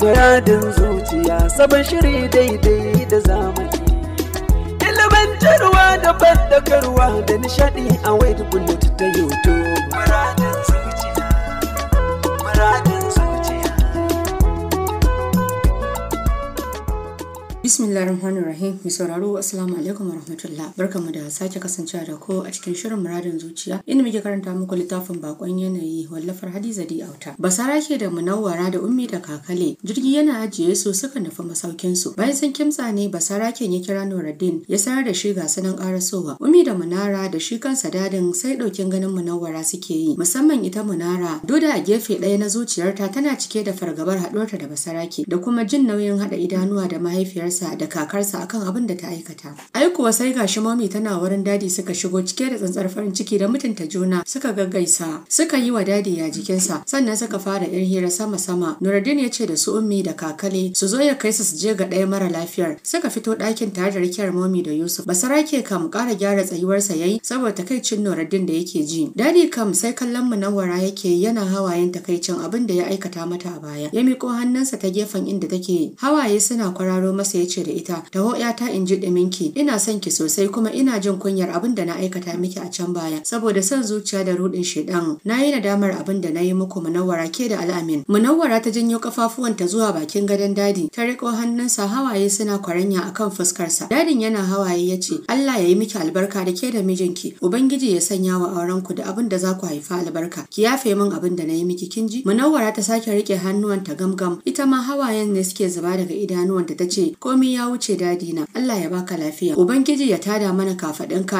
Muradin zuciya sabon shiri daidai da zamani. Ilimantarwa da bandakarwa da nishadi a wayar bullet ta yoto. Muradin zuciya. Bismillahirrahmanirrahim. Mai sauraro Assalamu alaikum wa rahmatullah. mu da sake kasancewa da ko a cikin shirin muradin zuciya inda muke karanta muku littafin bakon yanayi wallafar Hadiza Di Auta. Basara ke da Munawwara da Ummi da Kakale. Jirgi yana ajiye su suka nufi masaukin su. Bayan san kimtsa ne Basara ke ya kira Nuruddin ya sanar da shi ga sanan karasowa. Ummi da Munara da shi kansa dadin sai daukin ganin Munawwara suke yi musamman ita Munara. Doda a gefe ɗaya na zuciyarta tana cike da fargabar haɗuwarta da Basarake da kuma jin nauyin haɗa idanuwa da mahaifiyarsa sa da kakarsa akan abin da ta aikata. Ai kuwa sai gashi mami tana wurin dadi suka shigo cike da tsantsar farin ciki da mutunta juna suka gaggaisa suka yi wa dadi ya jikinsa sannan suka fara yin hira sama-sama. Nuruddin ya ce da su ummi da kakale su zo ya kai su su je ga ɗaya mara lafiyar suka fito ɗakin tare da rikiyar mami da Yusuf. Basarake kam ƙara gyara tsayuwarsa yayi saboda takaicin Nuruddin da yake ji. Dadi kam sai kallon munawwara yake yana hawayen takaicin abin da ya aikata mata a baya. Ya miƙo hannunsa ta gefen inda take hawaye suna kwararo masa ya ce da ita taho ta in ji ɗuminki ina son ki sosai kuma ina jin kunyar abin da na aikata miki a can baya saboda son zuciya da ruɗin shedan na yi nadamar abin da na yi muku munawwara ke da al'amin munawwara ta janyo kafafuwanta zuwa bakin gadon dadi ta riko hannunsa hawaye suna kwaranya akan fuskarsa dadin yana hawaye ya ce Allah ya yi miki albarka da ke da mijinki ubangiji ya sanya wa aurenku da abin da za ku haifa albarka ki yafe min abin da na yi miki kin ji munawwara ta sake rike hannuwanta gamgam ita ma hawayen ne suke zuba daga idanuwanta ta ce ko komai ya wuce dadi na Allah ya baka lafiya ubangiji ya tada mana ka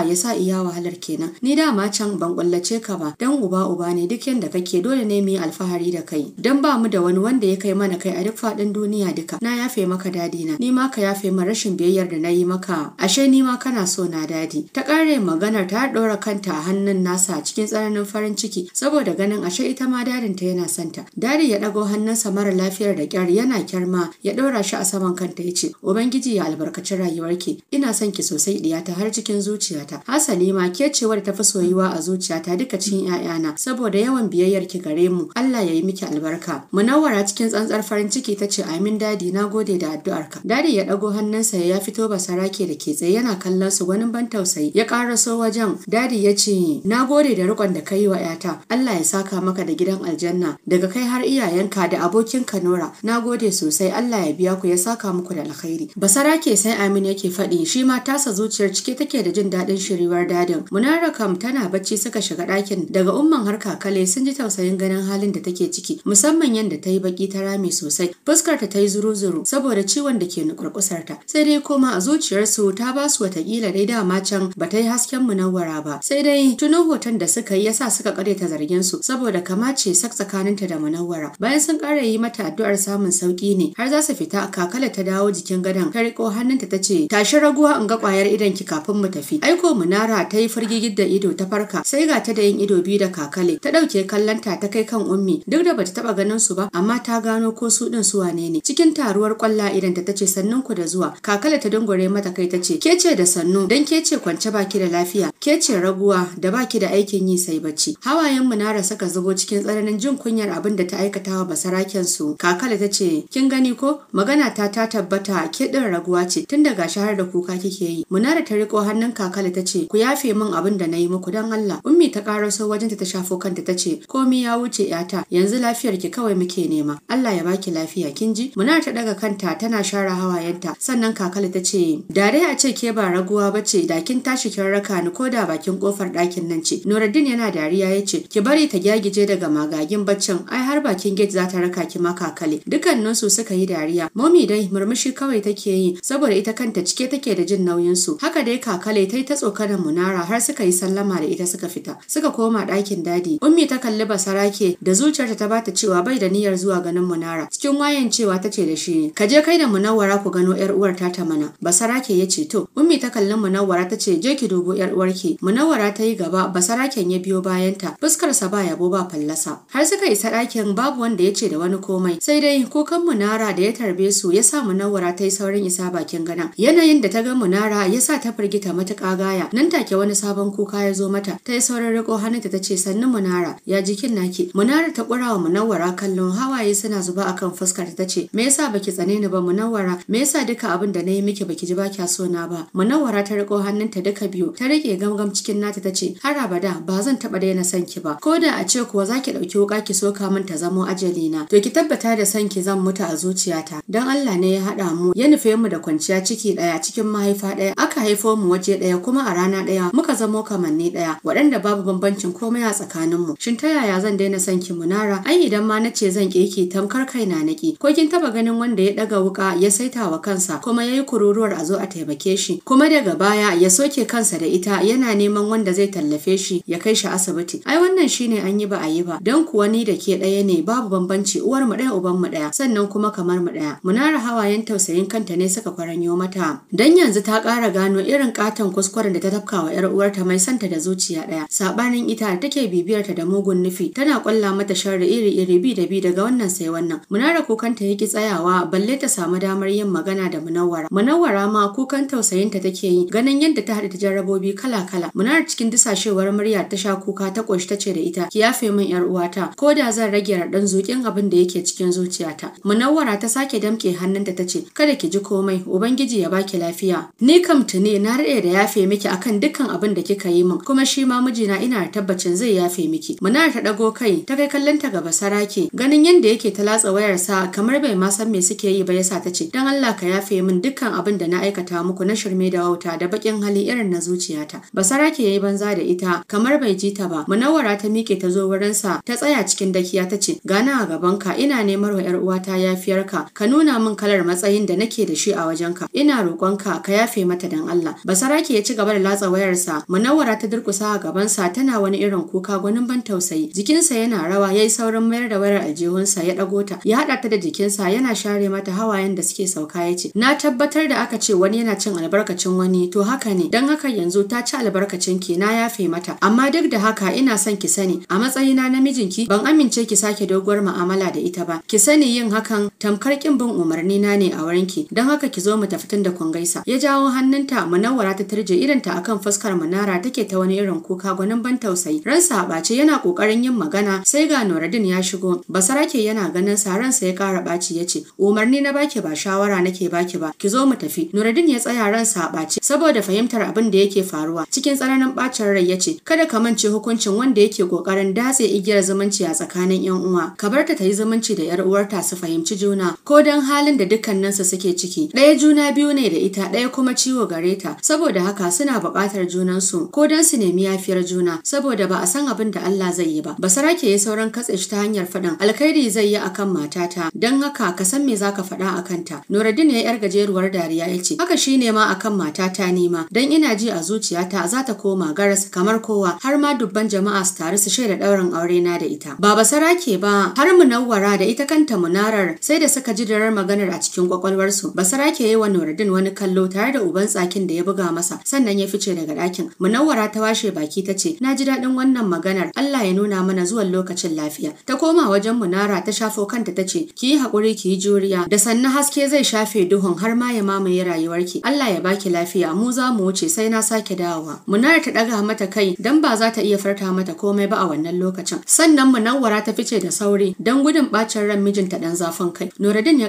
ya sa iya wahalar kenan ni dama can ban kullace ka ba dan uba uba ne duk yanda kake dole ne mu yi alfahari da kai dan ba mu da wani wanda ya kai mana kai a duk fadin duniya duka na yafe maka dadi na ni ma ka yafe min rashin biyayyar da na yi maka ashe ni ma kana so na dadi ta kare maganar ta ɗora kanta a hannun nasa cikin tsananin farin ciki saboda ganin ashe ita ma dadinta yana santa dadi ya ɗago hannunsa mara lafiyar da kyar yana kyarma ya dora shi a saman kanta ya ce ubangiji ya albarkaci rayuwarki ina son ki sosai diyata har cikin zuciyata hasali ma ke ce wadda tafi soyuwa a zuciyata duka cikin 'ya'yana saboda yawan biyayyar ki gare mu Allah ya yi miki albarka munawwara cikin tsantsar farin ciki ta ce amin dadi na gode da addu'arka dadi ya dago hannunsa ya fito basarake da ke tsaye yana kallon su gwanin ban tausayi ya ƙaraso wajen dadi ya ce na gode da rikon da kai wa 'yata Allah ya saka maka da gidan aljanna daga kai har iyayenka da abokinka Nora na gode sosai Allah ya biya ku ya saka muku da alkhairi alkhairi basara ke sai amin yake faɗi shi ma tasa zuciyar cike take da jin daɗin shiriwar dadin munara kam tana bacci suka shiga ɗakin daga umman har kakale sun ji tausayin ganin halin da take ciki musamman yadda ta yi baki ta rame sosai Fuskar ta yi zuru-zuru saboda ciwon da ke ta. sai dai koma a zuciyarsu ta ba su watakila dai dama can ba ta yi hasken munawwara ba sai dai tuno hoton da suka yi yasa suka ta zarginsu. saboda kama ce sak tsakaninta da munawwara bayan sun ƙara yi mata addu'ar samun sauki ne har za su fita kakala ta dawo jikin cikin gadon ta riko hannunta ta ce tashi raguwa in ga kwayar idan ki kafin mu tafi aiko munara ta yi firgigid da ido ta farka sai ga ta da yin ido biyu da kakale ta dauke kallanta ta kai kan ummi duk da bata taba ganin su ba amma ta gano ko su din su wane ne cikin taruwar kwalla idan ta tace sannan ku da zuwa kakale ta dungure mata kai ta ce. ke ce da sannu dan ke ce kwance baki da lafiya ke ce raguwa da baki da aikin yi sai bacci hawayen munara saka zubo cikin tsananin jin kunyar abin da ta aikata wa basaraken su kakale ta ce kin gani ko magana ta ta tabbata Keɗin raguwa ce tun daga shahar da kuka kike yi munara ta riko hannun kakala ta ce ku yafe min abin da na yi muku dan Allah ummi ta sau wajen ta shafo kanta ta ce komai ya wuce yata yanzu lafiyar ki kawai muke nema Allah ya baki lafiya kin ji munara ta daga kanta tana share hawayenta sannan kakala ta ce da dai a ce ke ba raguwa ba ce. da kin tashi kin raka ni ko da bakin kofar ɗakin nan ce Nuruddin yana dariya ya ce ki bari ta gyagije daga magagin baccin ai har bakin gate za ta raka ki ma kakale dukkaninsu suka yi dariya momi dai murmushi kawai kawai take yi saboda ita kanta cike take da jin nauyin su haka dai kakale tai ta tsokanar munara har suka yi sallama da ita suka fita suka koma ɗakin dadi ummi ta kalli basarake da zuciyarta ta bata cewa bai da niyyar zuwa ganin munara cikin wayan cewa tace da shi ka je kai da munawara ku gano yar uwar ta ta mana basarake ya ce to ummi ta kalli munawwara ta ce je ki dubo yar uwarki munawwara ta yi gaba basaraken ya biyo bayanta fuskarsa ba yabo ba fallasa har suka isa ɗakin babu wanda ya ce da wani komai sai dai kukan munara da ya tarbe su ya sa munawwara ta yi saurin isa bakin gana yanayin da ta ga munara ya sa ta firgita matuƙa gaya nan take wani sabon kuka ya zo mata ta yi saurin riko hannunta ta ce sannin munara ya jikin naki munara ta ƙura wa munawwara kallon hawaye suna zuba a kan fuskar ta ce me yasa baki tsane ni ba munawwara me yasa duka abin da na yi miki baki ji ba kya so na ba munawwara ta riko hannunta duka biyu ta rike gamgam cikin nata ta ce har abada ba zan taɓa daina son ki ba ko da a ce kuwa za ki ɗauki wuƙa ki soka min ta zamo ajali na to ki tabbata da son ki zan mutu a zuciyata don Allah ne ya haɗa mu ya nufe mu da kwanciya ciki ɗaya cikin mahaifa ɗaya aka haifo mu waje ɗaya kuma a rana ɗaya muka zamo kamanni ɗaya waɗanda babu bambancin komai a tsakanin mu shin ta yaya zan daina son ki munara ai idan ma na ce zan ki tamkar kaina naki ko kin taba ganin wanda ya ɗaga wuka ya saita wa kansa kuma ya yi kururuwar a zo a taimake shi kuma daga baya ya soke kansa da ita yana neman wanda zai tallafe shi ya kai shi asibiti ai wannan shine an yi ba a yi ba Dan kuwa ni da ke ɗaya ne babu bambanci uwar mu daya uban mu ɗaya sannan kuma kamar mu ɗaya munara hawayen tausayin kanta ne suka faranyo mata. Dan yanzu ta ƙara gano irin katon kuskuren da ta tafka wa 'yar uwarta mai santa da zuciya ɗaya. Saɓanin ita da take bibiyarta da mugun nufi tana ƙwalla mata sharri iri-iri bi da bi daga wannan sai wannan. Munara kukanta ya ki tsayawa balle ta samu damar yin magana da Munawwara. Munawwara ma kukan tausayinta take yi ganin yadda ta haɗu ta jarrabobi kala-kala. Munara cikin dusashewar murya ta sha kuka ta ƙoshi ta ce da ita ki yafe min 'yar uwata ko da zan rage raɗan zuƙin abin da yake cikin zuciyata. Munawwara ta sake damƙe hannunta ta ce kada ki ji komai, Ubangiji ya baki lafiya. Ni kam tuni na rade da yafe miki akan dukkan abin da kika yi min, kuma shi ma mijina ina tabbacin zai yafe miki. muna ta dago kai, ta kai kallon ta gaba sarake, ganin yadda yake ta latsa sa kamar bai ma san me suke yi ba yasa ta ce, "Dan Allah ka yafe min dukkan abin da na aikata muku na shirme da wauta da bakin hali irin na zuciyata." Basarake yayi banza da ita, kamar bai ji ta ba. Munawara ta mike ta zo wurin sa ta tsaya cikin dakiya ta ce, "Gana a gaban ka. ina neman wa 'yar uwata yafiyarka, ka nuna min kalar matsayin da na nake da shi a ka. ina roƙonka ka yafe mata dan Allah basarake ya ci gaba da latsa wayarsa munawwara ta durkusa a gabansa tana wani irin kuka gwanin ban tausayi jikinsa yana rawa yayi saurin mayar da wayar aljihunsa ya dago ta ya hada ta da jikinsa yana share mata hawayen da suke sauka ya ce na tabbatar da aka ce wani yana cin albarkacin wani to haka ne dan haka yanzu ta ci albarkacin ki na yafe mata amma duk da haka ina son ki sani a matsayina na mijinki ban amince ki sake doguwar mu'amala da ita ba ki sani yin hakan tamkar kin bin umarni na ne a wurin don haka ki zo mu tafi da kun ya jawo hannunta munawwara ta turje ta akan fuskar munara take ta wani irin kuka gwanin ban tausayi ransa a ɓace yana ƙoƙarin yin magana sai ga noradin ya shigo basarake yana ganin sa ransa ya kara ɓaci ya ce umarni na baki ba shawara nake baki ba ki zo mu tafi noradin ya tsaya ransa a ɓace saboda fahimtar abin da yake faruwa cikin tsananin ɓacin rai ya ce kada ka mance hukuncin wanda yake ƙoƙarin datse igiyar zumunci a tsakanin 'yan uwa ka barta ta yi zumunci da 'yar uwarta su fahimci juna ko don halin da dukkaninsu suke ciki ɗaya juna biyu ne da ita ɗaya kuma ciwo gare ta saboda haka suna buƙatar junansu ko don su nemi yafiyar juna saboda ba a san abin da Allah zai yi ba Ba sarake ya sauran katse shi ta hanyar faɗan alkhairi zai yi akan matata don haka ka san me zaka faɗa akan ta Nuruddin ya yar gajeruwar dariya ya ce haka shine ma akan matata ni ma don ina ji a zuciyata za ta koma garas kamar kowa har ma dubban jama'a su taru su shaida ɗaurin aure na da ita ba ba sarake ba har munawwara da ita kanta munarar sai da suka ji darar maganar a cikin kwakwalwar dawowarsu basara ke yi wa Nuruddin wani kallo tare da uban tsakin da ya buga masa sannan ya fice daga ɗakin munawwara ta washe baki ta ce na ji daɗin wannan maganar Allah ya nuna mana zuwan lokacin lafiya ta koma wajen munara ta shafo kanta ta ce ki yi haƙuri ki yi juriya da sannan haske zai shafe duhun har ma ya mamaye rayuwarki Allah ya baki lafiya mu za mu wuce sai na sake dawowa munara ta ɗaga mata kai dan ba za ta iya farta mata komai ba a wannan lokacin sannan munawwara ta fice da sauri don gudun bacin ran mijinta dan zafin kai Nuruddin ya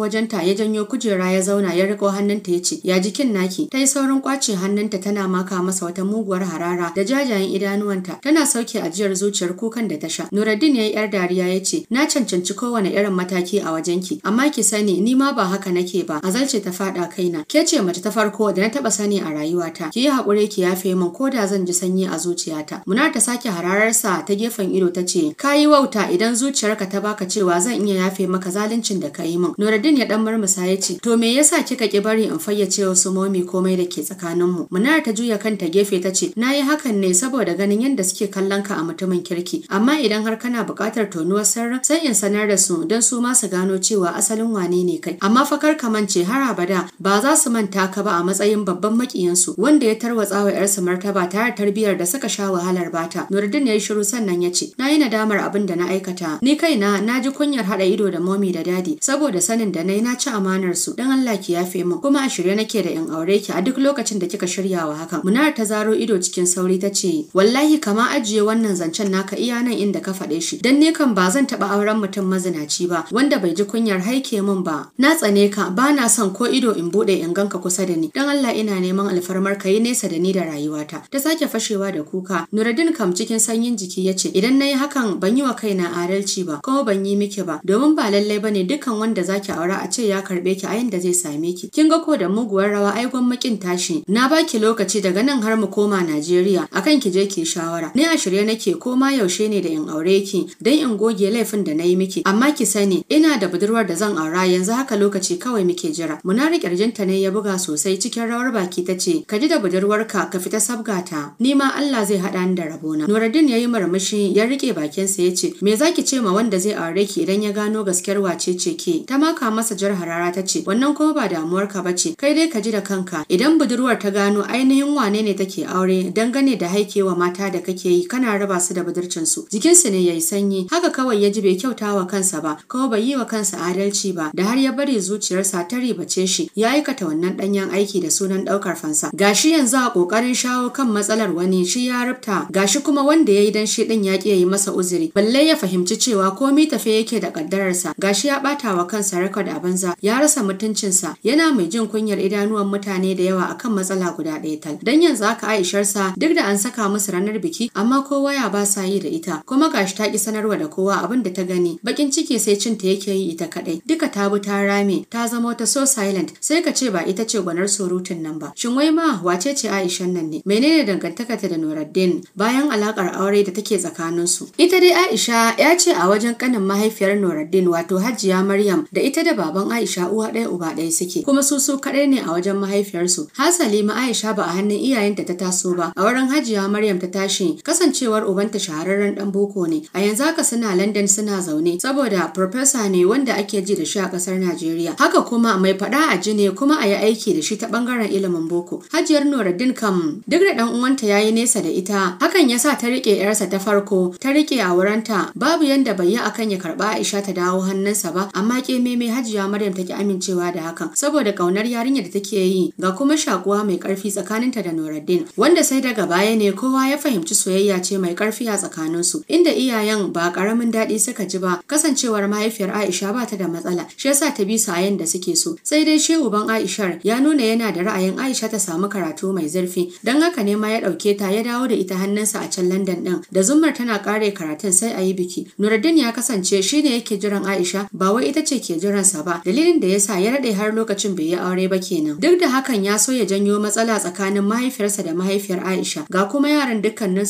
wajen ta ya janyo janyo kujera ya zauna ya riko hannunta ya ce, "Ya jikin naki." Ta yi saurin kwace hannunta tana maka masa wata muguwar harara da jajayen idanuwanta. Tana sauke ajiyar zuciyar kukan da ta sha. Nuruddin ya yi ‘yar dariya ya ce, "Na cancanci kowane irin mataki a wajenki, amma ki sani ni ma ba haka nake ba." Azalce ta faɗa kaina. Ke ce mace ta farko da na taɓa sani a rayuwata. Ki yi haƙuri ki yafe min ko da zan ji sanyi a zuciyata. Munar ta sake harararsa ta gefen ido ta ce, "Ka yi wauta idan zuciyarka ta baka cewa zan iya yafe maka zaluncin da ka yi min." Nuruddin ya ɗan murmusa ya ce, To me yasa kika ki bari in fayyace wasu momi komai da ke tsakanin mu? muna ta juya kanta gefe ta ce, Na yi hakan ne saboda ganin yadda suke kallon ka a mutumin kirki, amma idan har kana buƙatar tonuwar sarra sai in sanar da su don su ma su gano cewa asalin wane ne kai. Amma fakar ka mance har abada ba za su manta ka ba a matsayin babban makiyansu. wanda ya tarwatsa wa 'yarsa martaba tare tarbiyar da suka sha wahalar bata. Nuruddin ya yi shiru sannan ya ce, Na yi nadamar abin da na aikata, ni kaina na ji kunyar haɗa ido da momi da dadi saboda sanin da na yi na ci amana amanar su dan Allah ki yafe min kuma a shirye nake da in aure ki a duk lokacin da kika shirya wa hakan munar ta zaro ido cikin sauri ta ce wallahi kama ajiye wannan zancen naka iya nan inda ka faɗe shi dan ne kan ba zan taɓa auren mutum mazinaci ba wanda bai ji kunyar haike min ba na tsane ka ba na son ko ido in bude in ganka kusa da ni dan Allah ina neman alfarmar ka yi nesa da ni da rayuwata ta sake fashewa da kuka Nuruddin kam cikin sanyin jiki yace ce idan nayi hakan ban yi wa kaina adalci ba kuma ban yi miki ba domin ba lallai bane dukkan wanda zaki aura a ce ya karbe tarbe ki a yanda zai same ki kin ga ko da muguwar rawa ai gwammakin tashi na baki lokaci daga nan har mu koma Najeriya akan ki je ki shawara ni a shirye nake ko ma yaushe ne da in aure ki dan in goge laifin da nayi miki amma ki sani ina da budurwar da zan aura yanzu haka lokaci kawai muke jira munari kirjinta ne ya buga sosai cikin rawar baki tace ka ji da budurwarka ka fita sabgata ni ma Allah zai haɗa ni da rabona Nuruddin yayi murmushi ya rike bakinsa ya ce. me zaki ce ma wanda zai aure ki idan ya gano gaskiyar wace ce ke ta maka masa jar harara ta ce wannan kuma ba damuwarka ba ce kai dai ka ji da kanka idan budurwar ta gano ainihin wane ne take aure dangane da haikewa mata da kake yi kana raba su da budurcin su jikin jikinsu ne yayi sanyi haka kawai ya ji bai kyauta wa kansa ba ko bai yi wa kansa adalci ba da har ya bari zuciyarsa ta ribace shi ya aikata wannan danyen aiki da sunan daukar fansa gashi yanzu a kokarin shawo kan matsalar wani shi ya rubta gashi kuma wanda ya yi dan shi din ya ki yi masa uzuri balle ya fahimci cewa komai tafe yake da kaddararsa gashi ya bata wa kansa rekod a banza ya rasa mutuncinsa yana mai jin kunyar idanuwan mutane da yawa akan matsala guda ɗaya tal dan yanzu haka Aisharsa duk da an saka musu ranar biki amma kowa ya ba sa yi da ita kuma gashi ta ki sanarwa da kowa abin da ta gani bakin ciki sai cinta yake yi ita kadai duka ta bi ta rame ta zama wata so silent sai ka ce ba ita ce gwanar surutun nan ba shin wai ma wace ce Aishan nan ne menene dangantakarta da Nuruddin bayan alakar aure da take tsakanin su ita dai Aisha ya ce a wajen kanin mahaifiyar Nuruddin wato Hajiya Maryam da ita da baban Aisha uwa ɗaya uba ɗaya suke kuma su su kaɗai ne a wajen mahaifiyarsu hasali ma Aisha ba a hannun iyayenta ta taso ba a wurin Hajiya Maryam ta tashi kasancewar ubanta shahararren dan boko ne a yanzu haka suna London suna zaune saboda professor ne wanda ake ji da shi a ƙasar Najeriya haka kuma mai faɗa a ji ne kuma a yi aiki da shi ta ɓangaren ilimin boko Hajiyar Nuruddin kam duk da ɗan uwanta ya yi nesa da ita hakan ya sa ta riƙe 'yarsa ta farko ta riƙe a wurinta babu yanda bai yi akan ya karɓa Aisha ta dawo hannunsa ba amma ƙememe Hajiya Maryam take amincewa da hakan saboda kaunar yarinyar da take yi ga kuma shakuwa mai karfi tsakaninta da Nuruddin wanda sai daga baya ne kowa ya fahimci soyayya ce mai karfi a tsakaninsu inda iyayen ba karamin daɗi suka ji ba kasancewar mahaifiyar Aisha ba ta da matsala shi yasa ta bi sayen da suke so sai dai shehu ban Aishar ya nuna yana da ra'ayin Aisha ta samu karatu mai zurfi dan haka ne ma ya ɗauke ta ya dawo da ita hannunsa a can London ɗin da zummar tana kare karatun sai a yi biki Nuruddin ya kasance shine yake jiran Aisha ba wai ita ce ke jiransa ba dalilin da ya sa ya daɗe har lokacin bai yi aure ba kenan. Duk da hakan ya so ya janyo matsala tsakanin mahaifiyarsa da mahaifiyar Aisha ga kuma yaran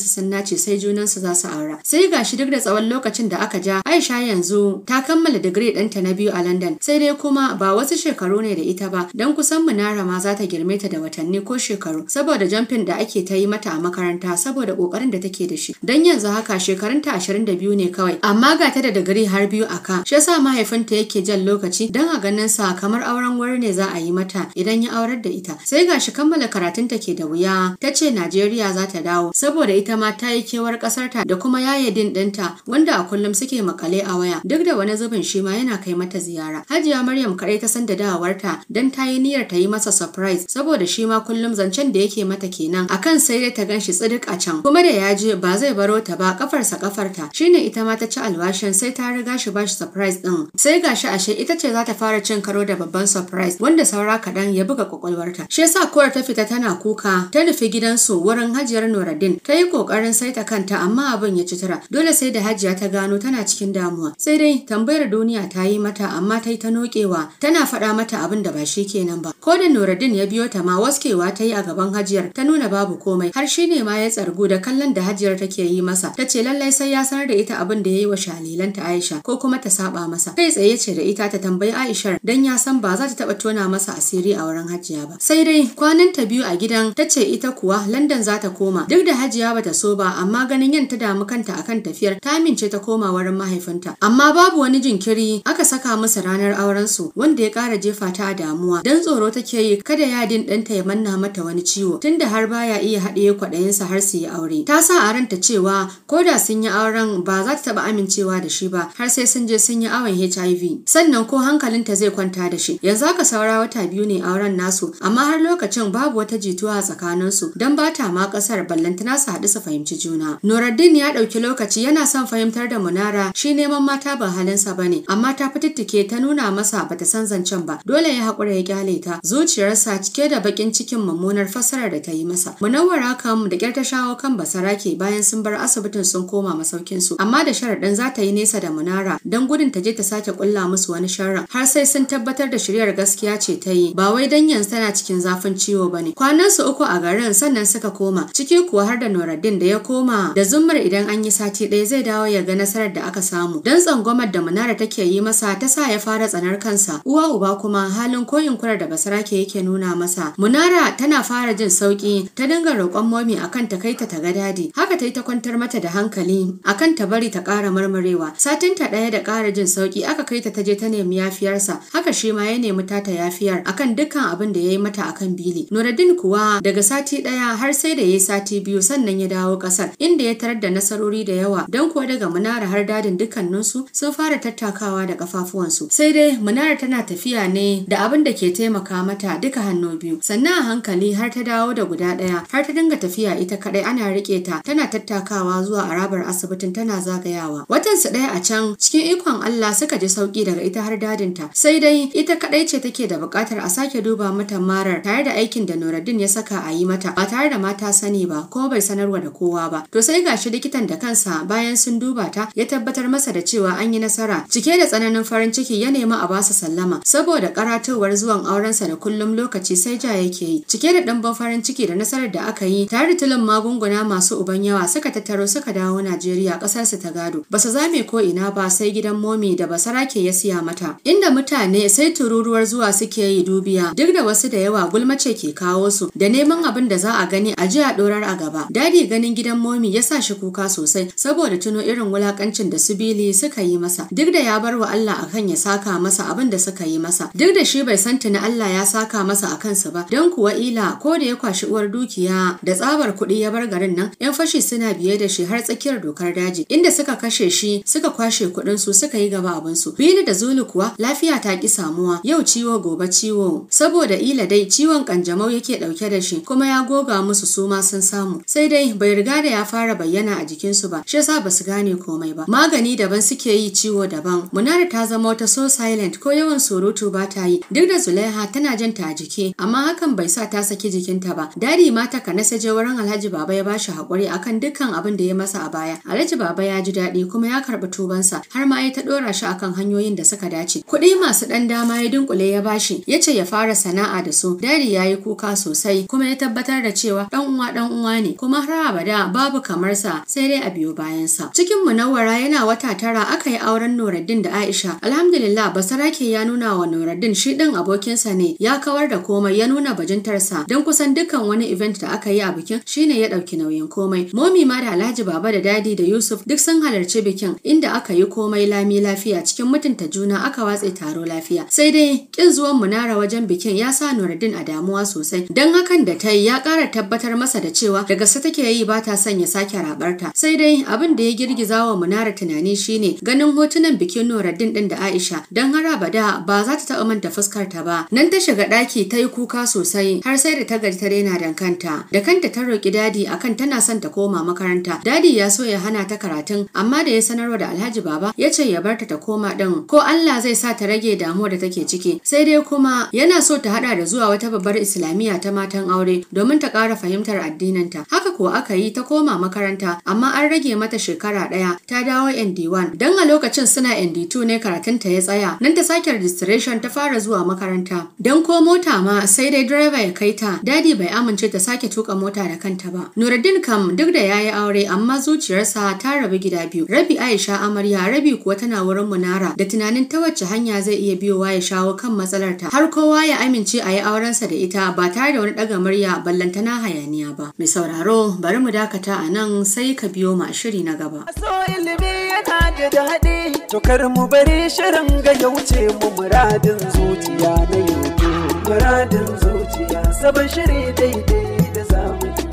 su sun nace sai junansu za su aura. Sai gashi duk da tsawon lokacin da aka ja Aisha yanzu ta kammala digiri ɗinta na biyu a London sai dai kuma ba wasu shekaru ne da ita ba don kusan munara ma za ta girme ta da watanni ko shekaru saboda jamfin da ake ta yi mata a makaranta saboda ƙoƙarin da take da shi. Don yanzu haka shekarunta ashirin da biyu ne kawai amma ga ta da digiri har biyu a ka shi yasa mahaifinta yake jan lokaci dan a ganin sa kamar auren wuri ne za a yi mata idan ya aurar da ita sai gashi kammala karatun ta ke da wuya ta ce Najeriya za ta dawo saboda ita ma ta yi kewar kasar ta da kuma yaye din ɗinta wanda a kullum suke makale a waya duk da wani zubin shi ma yana kai mata ziyara Hajiya Maryam kaɗai ta san da ta dan ta yi niyyar ta yi masa surprise saboda shi ma kullum zancen da yake mata kenan akan sai dai ta ganshi tsidik a can kuma da ya je ba zai baro ta ba kafarsa kafarta shine ita ma ta ci alwashin sai ta riga shi bashi surprise din sai gashi ashe ita ce za ta fara cin karo da babban surprise wanda saura kaɗan ya buga kwakwalwarta. Shi yasa kowar ta fita tana kuka ta nufi gidansu wurin hajiyar Nuruddin ta yi ƙoƙarin saita kanta amma abin ya ci tura dole sai da hajiya ta gano tana cikin damuwa sai dai tambayar duniya ta yi mata amma ta yi ta nokewa tana faɗa mata abin da ba shi kenan ba. Ko da Nuruddin ya biyo ta ma waskewa ta yi a gaban hajiyar ta nuna babu komai har shi ne ma ya tsargu da kallon da hajiyar take yi masa ta ce lallai sai ya sanar da ita abin da ya yi wa shalilanta Aisha ko kuma ta saba masa kai tsaye ce da ita ta tambayi Aishar don ya san ba za ta taɓa tona masa asiri a wurin Hajiya ba. Sai dai kwanan ta biyu a gidan ta ce ita kuwa London za ta koma duk da Hajiya ba ta so ba amma ganin yan ta damu kanta akan tafiyar ta mince ta koma wurin mahaifinta. Amma babu wani jinkiri aka saka musu ranar auren su wanda ya kara jefa ta a damuwa don tsoro take yi kada yadin ɗanta ya manna mata wani ciwo tunda har baya iya haɗe kwaɗayinsa har su yi aure. Ta sa a ranta cewa ko da sun yi auren ba za ta taɓa amincewa da shi ba har sai sun je sun yi awon HIV. Sannan ko hankalinta zai kwanta da shi yanzu aka saura wata biyu ne auren nasu amma har lokacin babu wata jituwa a tsakaninsu don ba ta ma kasar ballantana su haɗu su fahimci juna Nuruddin ya ɗauki lokaci yana son fahimtar da Munara shi neman mata ba halinsa bane amma ta fitittike ta nuna masa bata san zancen ba dole ya haƙura ya kyale ta zuciyarsa cike da bakin cikin mummunar fasarar da ta yi masa Munawwara kam da kyar ta shawo kan basarake bayan sun bar asibitin sun koma masaukin amma da sharaɗin za ta yi nesa da Munara don gudun ta je ta sake ƙulla musu wani sharran har sai sun sun tabbatar da shiryar gaskiya ce ta yi ba wai dan yanzu tana cikin zafin ciwo ba ne. su uku a garin sannan suka koma ciki kuwa har da noradin da ya koma da zummar idan an yi sati ɗaya zai dawo ya ga nasarar da aka samu. Don tsangwamar da Munara take yi masa ta sa ya fara tsanar kansa. Uwa uba kuma halin koyin kurar da Basarake yake nuna masa. Munara tana fara jin sauki ta dinga roƙon momi akan ta kai ta ta ga dadi. Haka ta yi ta kwantar mata da hankali akan ta bari ta ƙara murmurewa. Satinta ɗaya da ƙara jin sauki aka kai ta ta je ta nemi yafiyarsa haka shi ma ya nemi tata yafiyar akan dukkan abin da ya yi mata akan bili nuruddin kuwa daga sati ɗaya har sai da ya yi sati biyu sannan ya dawo ƙasar inda ya tarar da nasarori da yawa don kuwa daga munara har dadin dukkaninsu sun fara tattakawa da ƙafafuwansu. sai dai munara tana tafiya ne da abin da ke taimaka mata duka hannu biyu sannan a hankali har ta dawo da guda ɗaya har ta dinga tafiya ita kaɗai ana riƙe ta tana tattakawa zuwa arabar asibitin tana zagayawa Watan su ɗaya a can cikin ikon Allah suka ji sauki daga ita har dadinta sai dai ita kadai ce take da bukatar a sake duba mata marar tare da aikin da Nuruddin ya saka a yi mata ba tare da mata sani ba ko bai sanarwa da kowa ba. To sai gashi likitan da kansa bayan sun duba ta ya tabbatar masa da cewa an yi nasara. Cike da tsananin farin ciki ya nemi a basu sallama saboda karatowar zuwan aurensa da kullum lokaci sai ja yake yi. Cike da ɗanban farin ciki da nasarar da aka yi tare da tulun magunguna masu uban yawa suka tattaro suka dawo Najeriya su ta gado. Ba su zame ko ina ba sai gidan momi da basarake ya siya mata. Inda mutane ne sai tururuwar zuwa suke yi dubiya duk da wasu da yawa gulmace ke kawo su da neman abin da za a gani a jiya dorar a gaba dadi ganin gidan momi ya sa shi kuka sosai saboda tuno irin wulakancin da su bili suka yi masa duk da ya bar wa Allah akan ya saka masa abin da suka yi masa duk da shi bai san tuni Allah ya saka masa a kansu ba don kuwa ila ko da ya kwashi uwar dukiya da tsabar kuɗi ya bar garin nan yan fashi suna biye da shi har tsakiyar dokar daji inda suka kashe shi suka kwashe kuɗin su suka yi gaba abin su bili da zulu kuwa lafiya ta ki samuwa yau ciwo gobe ciwo saboda ila dai ciwon kanjamau yake ɗauke da shi kuma ya goga musu su ma sun samu sai dai bai riga da ya fara bayyana a jikinsu ba shi yasa basu gane komai ba magani daban suke yi ciwo daban munara ta zama wata so silent ko yawan surutu ba ta yi duk da zulaiha tana jin ta a jiki amma hakan bai sa ta saki jikinta ba dadi ma ta kana saje wurin alhaji baba ya bashi hakuri akan dukkan abin da ya masa a baya alhaji baba ya ji daɗi kuma ya karɓi tubansa har ma ya ta ɗora shi akan hanyoyin da suka dace kuɗi masu ɗan dama ya dunkule ya bashi ya ce ya fara sana'a da su dadi ya yi kuka sosai kuma ya tabbatar da cewa ɗan uwa ɗan uwa ne kuma har abada babu kamar sa sai dai a biyo bayansa cikin munawwara yana wata tara aka yi auren Nuruddin da Aisha alhamdulillah basarake ya nuna wa Nuruddin shi abokin abokinsa ne ya kawar da komai ya nuna bajintarsa don kusan dukkan wani event da aka yi a bikin shine ya ɗauki nauyin komai momi ma da Alhaji Baba da Dadi da Yusuf duk sun halarci bikin inda aka yi komai lami lafiya cikin mutunta juna aka watse taro lafiya lafiya. Sai dai kin zuwan Munara wajen bikin ya sa Nuruddin a damuwa sosai. Don hakan da ta ya ƙara tabbatar masa da cewa daga sa take yi ba ta son ya sake rabarta. Sai dai abin da ya girgiza wa Munara tunani shine ganin hotunan bikin Nuruddin din da Aisha don har abada ba za ta taɓa manta fuskar ta ba. Nan ta shiga ɗaki ta yi kuka sosai har sai da ta gaji ta daina dan kanta. Da kanta ta roƙi dadi akan tana son ta koma makaranta. Dadi ya so ya hana ta karatun amma da ya sanarwa da Alhaji Baba ya ce ya barta ta ta koma ɗin ko Allah zai sa ta rage da damuwar da take ciki sai dai kuma yana so ta hada da zuwa wata babbar islamiyya ta matan aure domin ta kara fahimtar addininta haka ko aka yi ta koma makaranta amma an rage mata shekara ɗaya ta dawo ND1 dan a lokacin suna ND2 ne ta ya tsaya nan ta sake registration ta fara zuwa makaranta dan ko mota ma sai dai driver ya kai ta dadi bai amince ta sake tuka mota da kanta ba Nuruddin kam duk da yayi aure amma zuciyarsa ta rabu gida biyu rabi Aisha amarya rabi kuwa tana wurin Munara da tunanin ta wacce hanya zai iya biyowa ya shawo kan matsalar ta har kowa ya amince a yi aurensa da ita ba tare da wani daga murya ballantana hayaniya ba. Mai sauraro bari mu dakata a nan sai ka biyo mu a shiri na gaba. So ilimi yana da daɗi to kar mu bari shirin ga ya wuce mu muradin zuciya na yau Muradin zuciya sabon shiri daidai da zamani.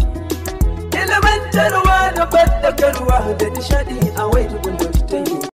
Ilimantarwa da fadakarwa da nishaɗi a wai tukunan